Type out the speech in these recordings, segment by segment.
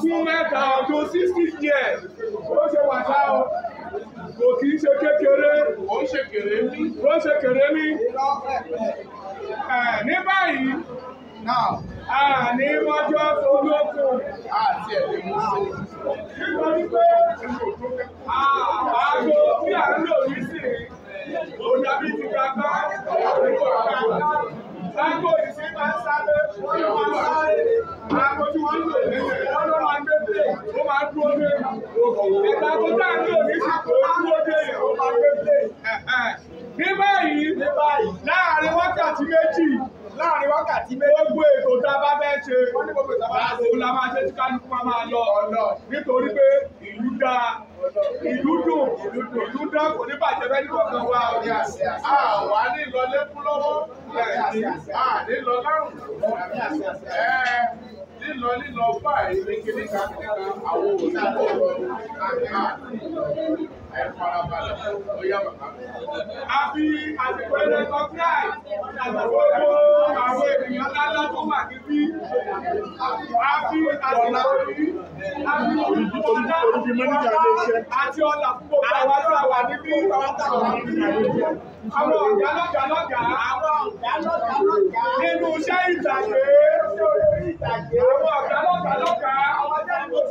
fún mẹ́ta tó sixty years ó ṣe wàṣà o kò kì í ṣe kékeré ó ṣe kéré ní ó ṣe kéré ní ní báyìí àní mọ́jọ́ olókùn àti ẹ̀dẹ̀ mọ́sẹ̀ nítorí pé àgbo tí à ń lò yìí sì òdàbí ti gbàgbá òdàbí ti gbàgbá sáńgò yìí máa ń sáré wọ́n máa ń sáré. máa dúró dé ìgbà tó dáa ní òní sì tó dúró dé ó máa ní báyìí láàrin wákàtí méjì láàrin wákàtí méjì gbogbo ètò tá a bá fẹ́ ṣe wọ́n ní gbogbo ìtàwọn àti òun la máa ṣe tí kálukú máa lọ ọ̀nà nítorí pé ìlú dáa ìlú dùn ìlú dáa kò ní bàjẹ́ bẹ́ẹ̀ nígbà kan wá ọ̀rẹ́ àṣẹ àwa ní ìlọlé fún lọ́wọ́ àní lọ lọ́rùn lílọ lílọ bá ìrìnkiri kankan àwọn òṣìṣẹ́ ọ̀rọ̀ kankan ẹ̀ farabalẹ̀ ọ̀yá bàbá. a fi àsìkò ẹ̀rọ kan kíláì gbogbo àwọn ènìyàn lálá tó wà níbí a fi àsìkò yìí a fi òyìnbó ńlá àti ọ̀là fún gbogbo àwọn tó wà níbí àwọn ọ̀gá lọ́gàá lọ́gàá nínú iṣẹ́ ìtàgé.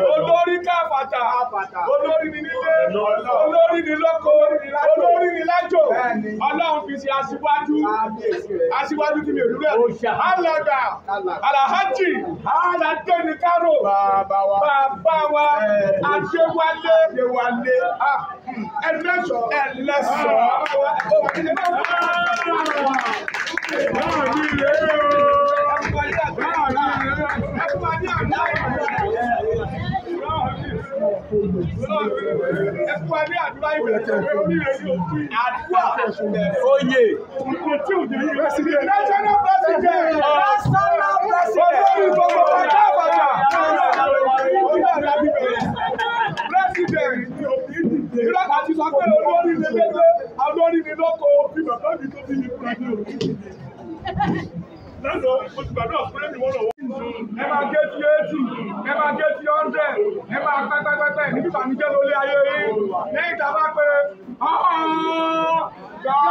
olórí káfàtà olórí ni nílé olórí ni lóko olórí ni lájò ọlọ́run fi ṣe aṣíwájú aṣíwájú tí mi ò dúró ẹ̀ alága alahaji aladeni karo bàbá wa adéwálé ẹlẹ́sọ̀ ẹlẹ́sọ̀ báà ní ilé o báà ní o ẹ̀kú ẹni àdúrà ìwé àdúrà oyè national president national president olórí gbogbo ọjà àbàtà olórí àdàbí president ìrọ̀ àti sọ pé olórí ni lẹ́gbẹ́ olórí ni lọ́kọ̀ bí bàbá mi tó fi ní kúrẹ́ ní òkú. lẹ́nu oṣù gbàdúrà fún ẹni wọ́n lọ wọ́ ẹ máa gé ti eighty ẹ máa gé ti hundred ẹ máa pẹ́pẹ́pẹ́pẹ́ níbi ìbànújẹ́ ló lé ayé yín lẹ́yìn tá a bá pé ọ̀ọ́ gbàgbà.